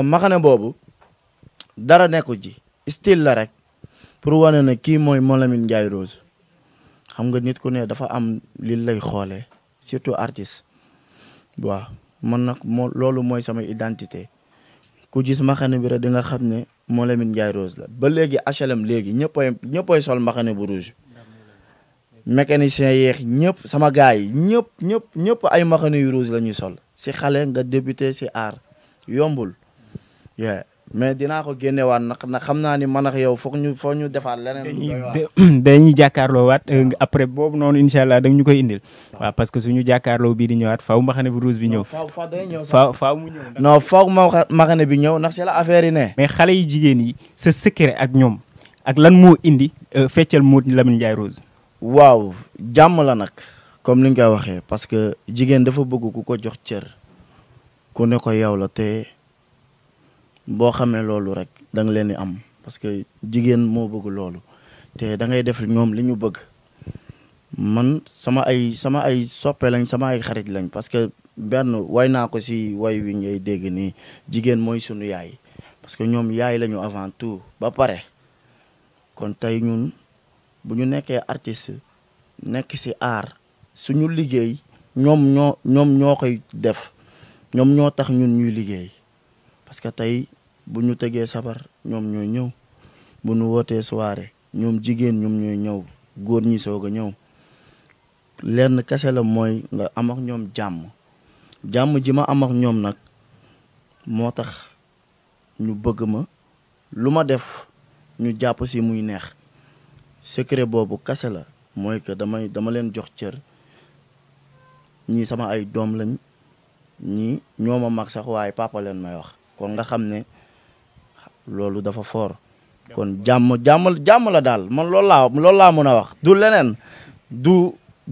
maxane boobu dara nekku ji style la rek pour wane na kii mooy Mont Lamine Rose xam nga nit ku ne dafa am li lay xoolee surtout artiste waaw man nag moo loolu mooy sama identité ku maxane bi rek di nga xam ne Mont Lamine Rose la ba léegi HLM léegi ñëppay ñëppay sol maxane bu rouge mécanicien yeex ñëpp sama gars yi ñëpp ñëpp ñëpp ay maxane yu rose la ñuy sol si xale nga débuté si aar yombul yeah mais dinaa ko génnewaat nag nag xam naa ni man ak yow foog ñu foog ñu defaat leneen. dañuy jàkkaarloo waat euh, après boobu noonu incha allah danga ñu koy indil. waaw parce que suñu jàkkaarloo bii di ñëwaat faaw maxane bu rouge bi ñëw. faaw faaw day ñëw faaw faaw mu ñëw. non faaw bi ñëw nax c'est la affaire yi ne. mais xale yu jigéen yi sa secret ak ñoom ak lan mu indi euh, feccal Modou Lamine Ndiaye Rose. waaw jàmm la nag comme ni nga waxee parce que jigéen dafa bëgg ku ko jox cër ku ne ko yow la te. boo xamee loolu rek da leen di am parce que jigéen moo bëgg loolu te da ngay def ñoom li ñu bëgg man sama ay sama ay soppe lañ sama ay xarit lañ parce que benn way naa ko si way wi ngay dégg nii jigéen mooy sunu yaay parce que ñoom yaay lañu avant tout ba pare kon tey ñun bu ñu nekkee artiste nekk si art suñu liggéey ñoom ñoo ñoom ñoo koy def ñoom ñoo tax ñun ñuy liggéey parce que tey bu ñu tegee sabar ñoom ñooy ñëw bu ñu wootee soirée ñoom jigéen ñoom ñooy ñëw góor ñi soog a ñëw lenn kese la mooy nga am ak ñoom jàmm jàmm ji ma am ak ñoom nag moo tax ñu bëgg ma lu ma def ñu jàpp si muy neex secret boobu kese la mooy que damay dama leen jox cër ñii sama ay doom lañ ñi ñoo ma mag sax waaye papa may wax kon nga xam ne loolu dafa foor kon jàmm jàmm jàmm la daal man loolu laa loolu mën a wax du leneen du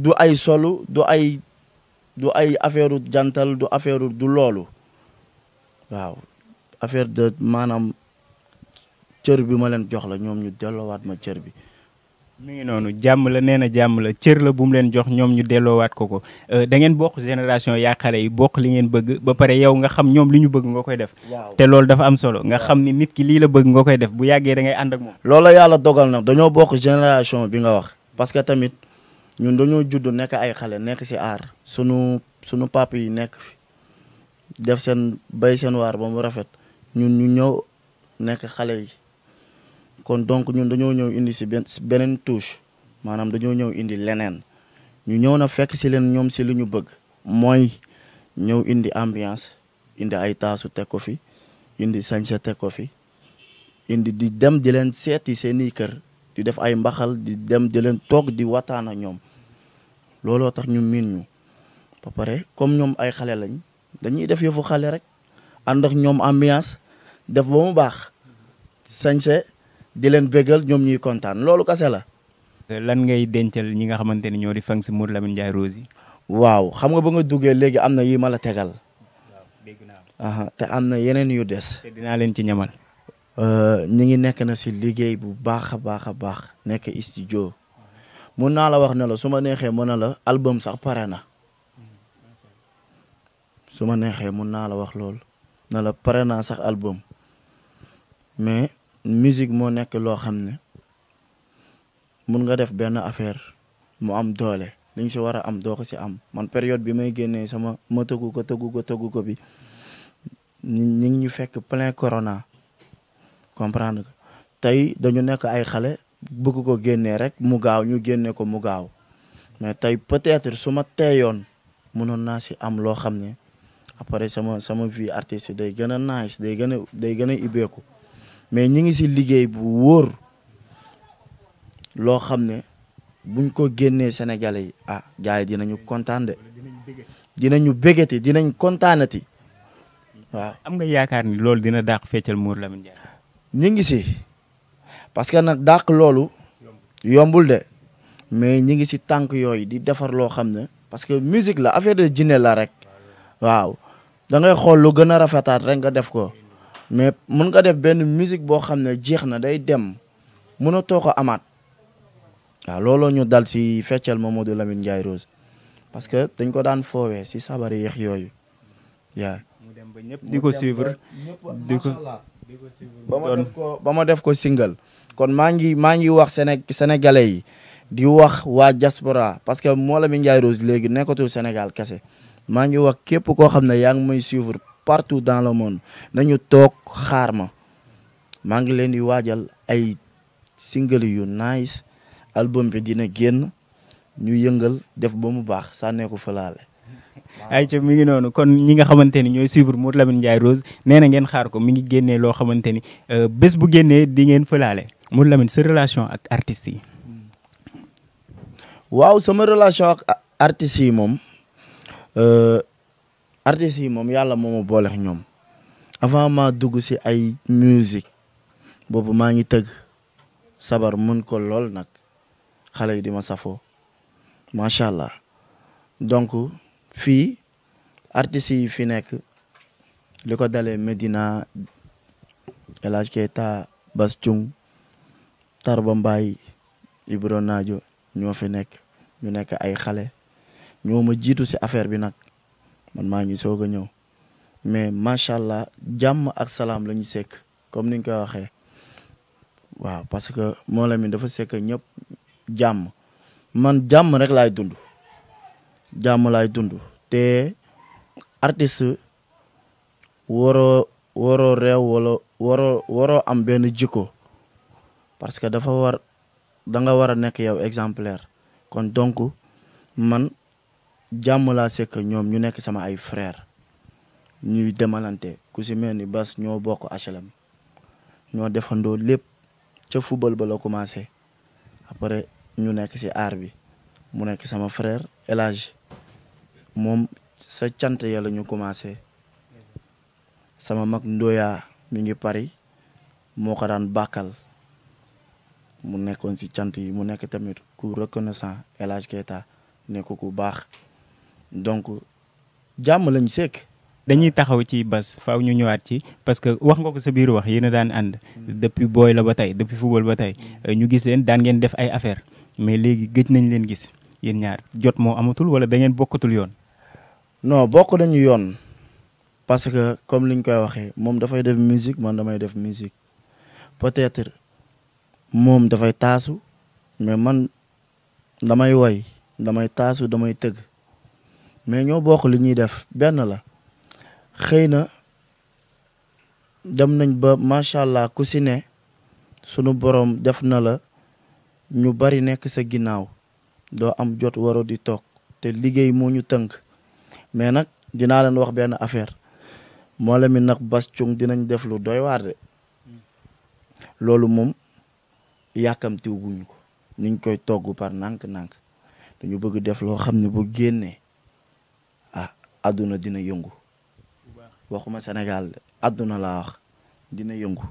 du ay solu du ay du ay affaire jantal du affaire du loolu waaw affaire de maanaam cër bi ma leen jox la ñoom ñu delloowaat ma cër bi mu ngi noonu jàmm la nee na jàmm la cër la bum leen jox ñoom ñu delloowaat ko ko euh, dangeen bokk génération yaa xale yi bokk li ngeen bëgg ba pare yow nga xam ñoom li ñu bëgg nga koy def. te loolu dafa am solo nga xam ni nit ki lii la bëgg nga koy def bu yàggee da ngay ànd ak moom. loola yàlla dogal na dañoo bokk génération bi nga wax parce que tamit ñun dañoo judd nekk ay xale nekk ci aar sunu sunu papa yi nekk fi def seen bay seen waar ba mu rafet ñun ñu ñëw nekk xale yi. kon donc ñun dañoo ñëw indi si benn beneen touche maanaam dañoo ñëw indi leneen ñu ñëw na fekk si leen ñoom si lu ñu bëgg mooy ñëw indi ambiance indi ay taasu teg ko fi indi sañse teg ko fi indi di dem di leen seeti seeni kër di def ay mbaxal di dem di leen toog di wataan ak ñoom looloo tax ñu miin ñu ba pare comme ñoom ay xale lañ dañuy def yëfu xale rek ànd ak ñoom ambiance def ba mu baax sañse di leen bégal ñoom ñuy kontaan loolu kase la. lan ngay dencel ñi nga xamante ni ñoo di fang si Modou Lamine Ndiaye Rose waaw xam nga ba nga duggee léegi am na yi ma la tegal. te am na yeneen yu des. te dinaa leen ci ñamal. Euh, ñi ngi nekk na si liggéey bu baax a baax a baax nekk joo mun naa la wax ne la su ma neexee mën na la album sax pare na su neexee mun naa la wax lool ne la pare naa sax album mais musique moo nekk loo xam ne mun nga def benn affaire mu am doole li si war a am doo ko si am man période bi may génnee sama ma tëggu ko tëggu ko tëggu ko bi ñu ngi ñu fekk plein corona comprendre nga tey dañu nekk ay xale bëgg ko génnee rek mu gaaw ñu génnee ko mu gaaw mais tey peut-être su ma teeyoon mënoon naa si am loo xam ne après sama sama vie artiste day gën a nice day gën a day gën a ibbeeku mais ñi ngi si liggéey bu wóor loo xam ne buñ ko génnee Sénégalais yi ah gars yi dinañu kontaan de dinañu bégati dinañ kontaanati waaw. am nga yaakaar ni loolu dina dàq feccal Mor Lamine Ndiaye. ñu ngi si parce que nag dàq loolu yombul de mais ñi ngi si tànk yooyu di defar loo xam ne parce que musique la affaire de jinne la rek waaw da ngay xool lu gën a rafetaat rek nga def ko mais mën nga def benn musique boo xam ne na day dem mënatoo ko amat. waaw looloo ñu dal si feccel Mamadou Lamine Ndiaye Rose parce que dañ ko daan foowee si sabar yeex yooyu yaa mu dem ba ñëpp di ko suivre di ko ba ma def ko ba ma def ko single kon maa ngi maa ngi wax Séné sénégalais yi di wax waa diaspora parce que moo Lamine Ndiaye Rose léegi nekkatul Sénégal kese maa ngi wax képp koo xam ne yaa ngi may suivre partout dans le monde nañu toog xaar ma maa ngi leen di waajal ay single yu nice album bi dina génn ñu yëngal def ba mu baax sànnee ko falaale ay ca mi ngi noonu kon ñi nga xamante ni ñooy suivre Modou Lamine Ndiaye Rose nee ngeen xaar ko mi ngi génnee loo xamante ni euh, bés bu génnee di ngeen fëlaale Modou Lamine sa relation ak artistes waaw sama relation ak artistes yi moom euh, artistes yi moom yàlla moo ma boole avant ma dugg si ay music, boobu ma ngi tëgg sabar mën ko lool nag xale yi di ma safoo macha donc fii yi fi nekk li ko Medina El Hadj Keita Bass Thioung Tarba Mbaye Ibro Naajo ñoo fi nekk ñu nekk ay xale ñoo ma si affaire bi man maa ngi soog a ñëw mais macha allah jàmm ak salaam la ñu sekk comme ni nga ko waxee waaw parce que moo la mi dafa sekk ñëpp jàmm man jàmm rek laay dund jàmm laay dund te artiste waroo waroo réew wala waroo waroo am benn jikko parce que dafa war da nga war a nekk yow exemplaire kon donc man jàmm laa sekk ñoom ñu nekk sama ay frère ñuy demalante ku si mel ni Bas ñoo bokk HLM ñoo defandoo lépp ca football ba la commencé après ñu nekk si aar bi mu nekk sama frère Elaj, mom moom sa cant ya la ñu commencé sama mag Ndoya mi ngi Paris moo ko daan bàkkal mu nekkoon si cant yi mu nekk tamit ku reconnaissant elage Hadj nekk ku baax. donc jàmm lañ sekk. dañuy taxaw ci bas faw ñu ñëwaat ci parce que wax nga ko sa biir wax yi a daan ànd. depuis booy la ba tey depuis football ba tey ñu gis leen daan ngeen def ay affaire mais léegi gëj nañ leen gis yéen ñaar jot moo amatul wala da bokkatul yoon. non bokk nañu yoon parce que comme liñ koy waxee moom dafay def musique man damay def musique peut-être moom dafay taasu mais man damay woy damay taasu damay tëgg. mais ñoo bokk li ñuy def benn la xëy na dem nañ ba macha ku si ne sunu borom def na la ñu bari nekk sa ginnaaw doo am jot waro di toog te liggéey moo ñu tënk mais nag dinaa leen wax benn affaire moo la nag bas cung dinañ def lu doy waar de loolu moom yàkkamtiwuguñ ko niñ koy togg par nank nank dañu bëgg def loo xam ne bu génnee àdduna dina yëngu waxuma Sénégal àdduna laa wax dina yëngu